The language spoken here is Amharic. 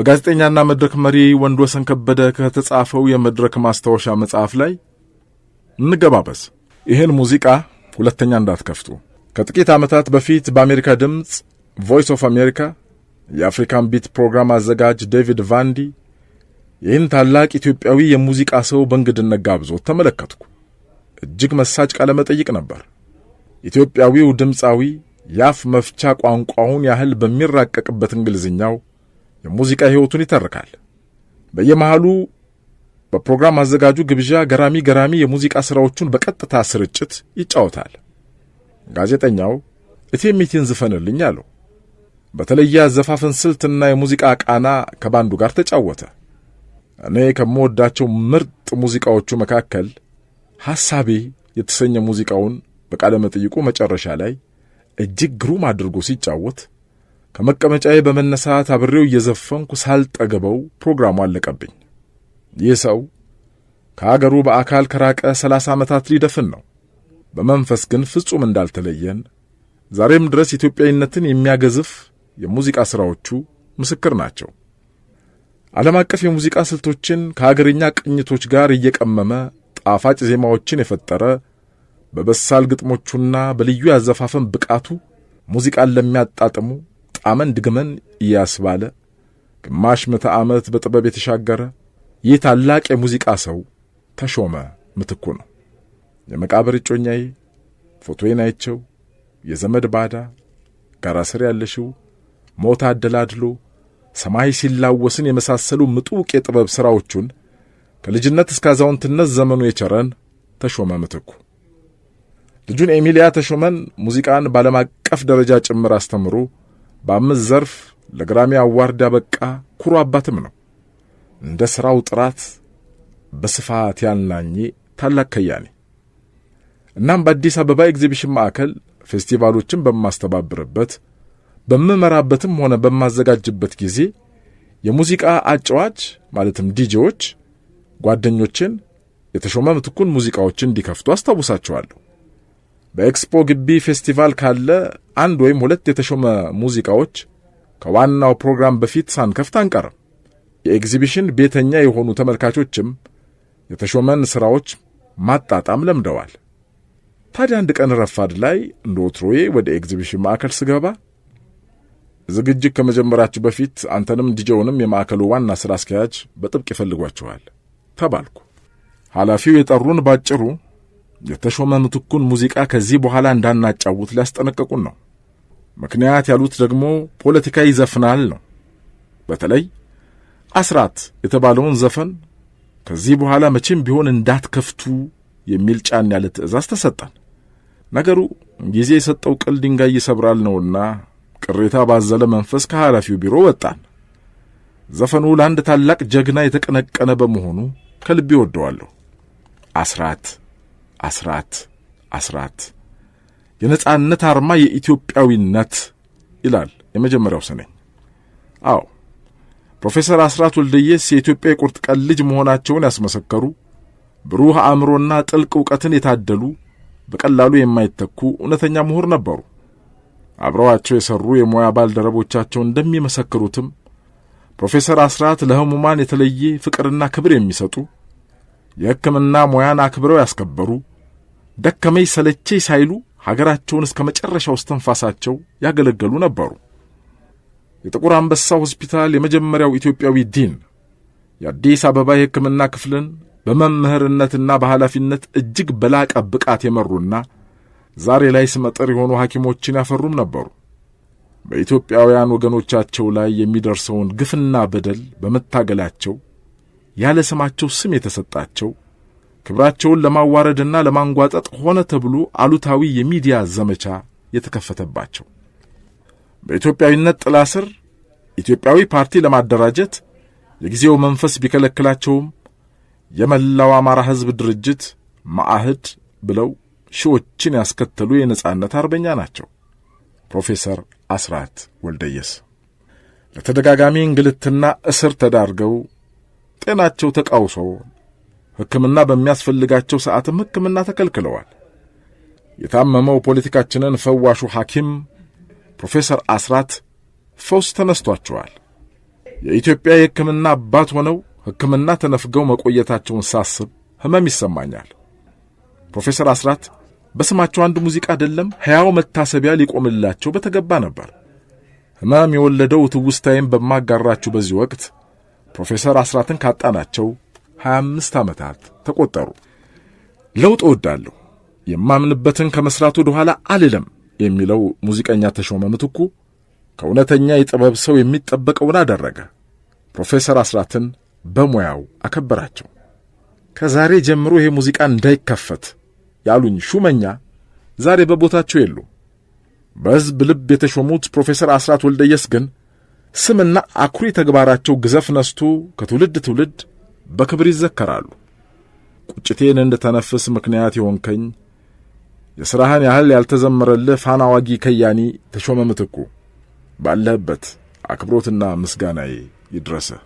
በጋዜጠኛና መድረክ መሪ ወንድወሰን ከበደ ከተጻፈው የመድረክ ማስታወሻ መጽሐፍ ላይ እንገባበስ። ይህን ሙዚቃ ሁለተኛ እንዳትከፍቱ። ከጥቂት ዓመታት በፊት በአሜሪካ ድምፅ ቮይስ ኦፍ አሜሪካ የአፍሪካን ቢት ፕሮግራም አዘጋጅ ዴቪድ ቫንዲ ይህን ታላቅ ኢትዮጵያዊ የሙዚቃ ሰው በእንግድነት ጋብዞት ተመለከትኩ። እጅግ መሳጭ ቃለ መጠይቅ ነበር። ኢትዮጵያዊው ድምፃዊ የአፍ መፍቻ ቋንቋውን ያህል በሚራቀቅበት እንግሊዝኛው የሙዚቃ ሕይወቱን ይተርካል። በየመሃሉ በፕሮግራም አዘጋጁ ግብዣ ገራሚ ገራሚ የሙዚቃ ሥራዎቹን በቀጥታ ስርጭት ይጫወታል። ጋዜጠኛው እቴም እቴን ዝፈንልኝ አለው። በተለየ አዘፋፈን ስልትና የሙዚቃ ቃና ከባንዱ ጋር ተጫወተ። እኔ ከምወዳቸው ምርጥ ሙዚቃዎቹ መካከል ሐሳቤ የተሰኘ ሙዚቃውን በቃለ መጠይቁ መጨረሻ ላይ እጅግ ግሩም አድርጎ ሲጫወት ከመቀመጫዬ በመነሳት አብሬው እየዘፈንኩ ሳልጠገበው ፕሮግራሙ አለቀብኝ። ይህ ሰው ከአገሩ በአካል ከራቀ ሰላሳ ዓመታት ሊደፍን ነው። በመንፈስ ግን ፍጹም እንዳልተለየን ዛሬም ድረስ ኢትዮጵያዊነትን የሚያገዝፍ የሙዚቃ ሥራዎቹ ምስክር ናቸው። ዓለም አቀፍ የሙዚቃ ስልቶችን ከአገርኛ ቅኝቶች ጋር እየቀመመ ጣፋጭ ዜማዎችን የፈጠረ በበሳል ግጥሞቹና በልዩ ያዘፋፈን ብቃቱ ሙዚቃን ለሚያጣጥሙ አመን ድግመን እያስባለ ግማሽ ምዕተ ዓመት በጥበብ የተሻገረ ይህ ታላቅ የሙዚቃ ሰው ተሾመ ምትኩ ነው። የመቃብር እጮኛዬ፣ ፎቶዬን አይቸው፣ የዘመድ ባዳ፣ ጋራ ስር ያለሽው፣ ሞት አደላድሎ፣ ሰማይ ሲላወስን የመሳሰሉ ምጡቅ የጥበብ ሥራዎቹን ከልጅነት እስከ አዛውንትነት ዘመኑ የቸረን ተሾመ ምትኩ ልጁን ኤሚሊያ ተሾመን ሙዚቃን ባለም አቀፍ ደረጃ ጭምር አስተምሮ በአምስት ዘርፍ ለግራሚ አዋርድ ያበቃ ኩሩ አባትም ነው። እንደ ሥራው ጥራት በስፋት ያልናኘ ታላቅ ከያኔ። እናም በአዲስ አበባ ኤግዚቢሽን ማዕከል ፌስቲቫሎችን በማስተባብርበት በምመራበትም ሆነ በማዘጋጅበት ጊዜ የሙዚቃ አጫዋች ማለትም ዲጄዎች ጓደኞችን የተሾመ ምትኩን ሙዚቃዎችን እንዲከፍቱ አስታውሳቸዋለሁ። በኤክስፖ ግቢ ፌስቲቫል ካለ አንድ ወይም ሁለት የተሾመ ሙዚቃዎች ከዋናው ፕሮግራም በፊት ሳንከፍት አንቀርም። የኤግዚቢሽን ቤተኛ የሆኑ ተመልካቾችም የተሾመን ሥራዎች ማጣጣም ለምደዋል። ታዲያ አንድ ቀን ረፋድ ላይ እንደ ወትሮዬ ወደ ኤግዚቢሽን ማዕከል ስገባ ዝግጅት ከመጀመራችሁ በፊት አንተንም ዲጄውንም የማዕከሉ ዋና ሥራ አስኪያጅ በጥብቅ ይፈልጓችኋል ተባልኩ። ኃላፊው የጠሩን ባጭሩ የተሾመ ምትኩን ሙዚቃ ከዚህ በኋላ እንዳናጫውት ሊያስጠነቀቁን ነው። ምክንያት ያሉት ደግሞ ፖለቲካ ይዘፍናል ነው። በተለይ አስራት የተባለውን ዘፈን ከዚህ በኋላ መቼም ቢሆን እንዳትከፍቱ የሚል ጫን ያለ ትዕዛዝ ተሰጠን። ነገሩ ጊዜ የሰጠው ቅል ድንጋይ ይሰብራል ነውና ቅሬታ ባዘለ መንፈስ ከኃላፊው ቢሮ ወጣን። ዘፈኑ ለአንድ ታላቅ ጀግና የተቀነቀነ በመሆኑ ከልቤ ወደዋለሁ። አስራት አስራት አስራት የነጻነት አርማ የኢትዮጵያዊነት ይላል የመጀመሪያው ስነኝ። አዎ ፕሮፌሰር አስራት ወልደየስ የኢትዮጵያ የቁርጥ ቀን ልጅ መሆናቸውን ያስመሰከሩ ብሩህ አእምሮና ጥልቅ እውቀትን የታደሉ በቀላሉ የማይተኩ እውነተኛ ምሁር ነበሩ። አብረዋቸው የሰሩ የሙያ ባልደረቦቻቸው እንደሚመሰክሩትም ፕሮፌሰር አስራት ለሕሙማን የተለየ ፍቅርና ክብር የሚሰጡ የሕክምና ሙያን አክብረው ያስከበሩ ደከመኝ ሰለቼ ሳይሉ ሀገራቸውን እስከ መጨረሻው እስትንፋሳቸው ያገለገሉ ነበሩ። የጥቁር አንበሳ ሆስፒታል የመጀመሪያው ኢትዮጵያዊ ዲን የአዲስ አበባ የሕክምና ክፍልን በመምህርነትና በኃላፊነት እጅግ በላቀ ብቃት የመሩና ዛሬ ላይ ስመጥር የሆኑ ሐኪሞችን ያፈሩም ነበሩ። በኢትዮጵያውያን ወገኖቻቸው ላይ የሚደርሰውን ግፍና በደል በመታገላቸው ያለ ስማቸው ስም የተሰጣቸው ክብራቸውን ለማዋረድና ለማንጓጠጥ ሆነ ተብሎ አሉታዊ የሚዲያ ዘመቻ የተከፈተባቸው በኢትዮጵያዊነት ጥላ ስር ኢትዮጵያዊ ፓርቲ ለማደራጀት የጊዜው መንፈስ ቢከለክላቸውም የመላው አማራ ሕዝብ ድርጅት ማአህድ ብለው ሺዎችን ያስከተሉ የነጻነት አርበኛ ናቸው። ፕሮፌሰር አስራት ወልደየስ ለተደጋጋሚ እንግልትና እስር ተዳርገው ጤናቸው ተቃውሶ ሕክምና በሚያስፈልጋቸው ሰዓትም ሕክምና ተከልክለዋል። የታመመው ፖለቲካችንን ፈዋሹ ሐኪም ፕሮፌሰር አስራት ፈውስ ተነስቷቸዋል። የኢትዮጵያ የሕክምና አባት ሆነው ሕክምና ተነፍገው መቆየታቸውን ሳስብ ሕመም ይሰማኛል። ፕሮፌሰር አስራት በስማቸው አንድ ሙዚቃ አይደለም ሕያው መታሰቢያ ሊቆምላቸው በተገባ ነበር። ሕመም የወለደው ትውስታዬን በማጋራችሁ በዚህ ወቅት ፕሮፌሰር አስራትን ካጣናቸው 25 ዓመታት ተቆጠሩ። ለውጥ እወዳለሁ፣ የማምንበትን ወደ ኋላ አልልም የሚለው ሙዚቀኛ ተሾመ ምትኩ ከእውነተኛ የጥበብ ሰው የሚጠበቀውን አደረገ። ፕሮፌሰር አስራትን በሙያው አከበራቸው። ከዛሬ ጀምሮ ይሄ ሙዚቃ እንዳይከፈት ያሉኝ ሹመኛ ዛሬ በቦታቸው የሉ። በሕዝብ ልብ የተሾሙት ፕሮፌሰር አስራት ወልደየስ ግን ስምና አኩሪ ተግባራቸው ግዘፍ ነስቶ ከትውልድ ትውልድ በክብር ይዘከራሉ። ቁጭቴን እንድተነፍስ ምክንያት የሆንከኝ የሥራህን ያህል ያልተዘመረልህ ፋና ዋጊ ከያኒ ተሾመ ምትኩ ባለህበት አክብሮትና ምስጋናዬ ይድረስህ።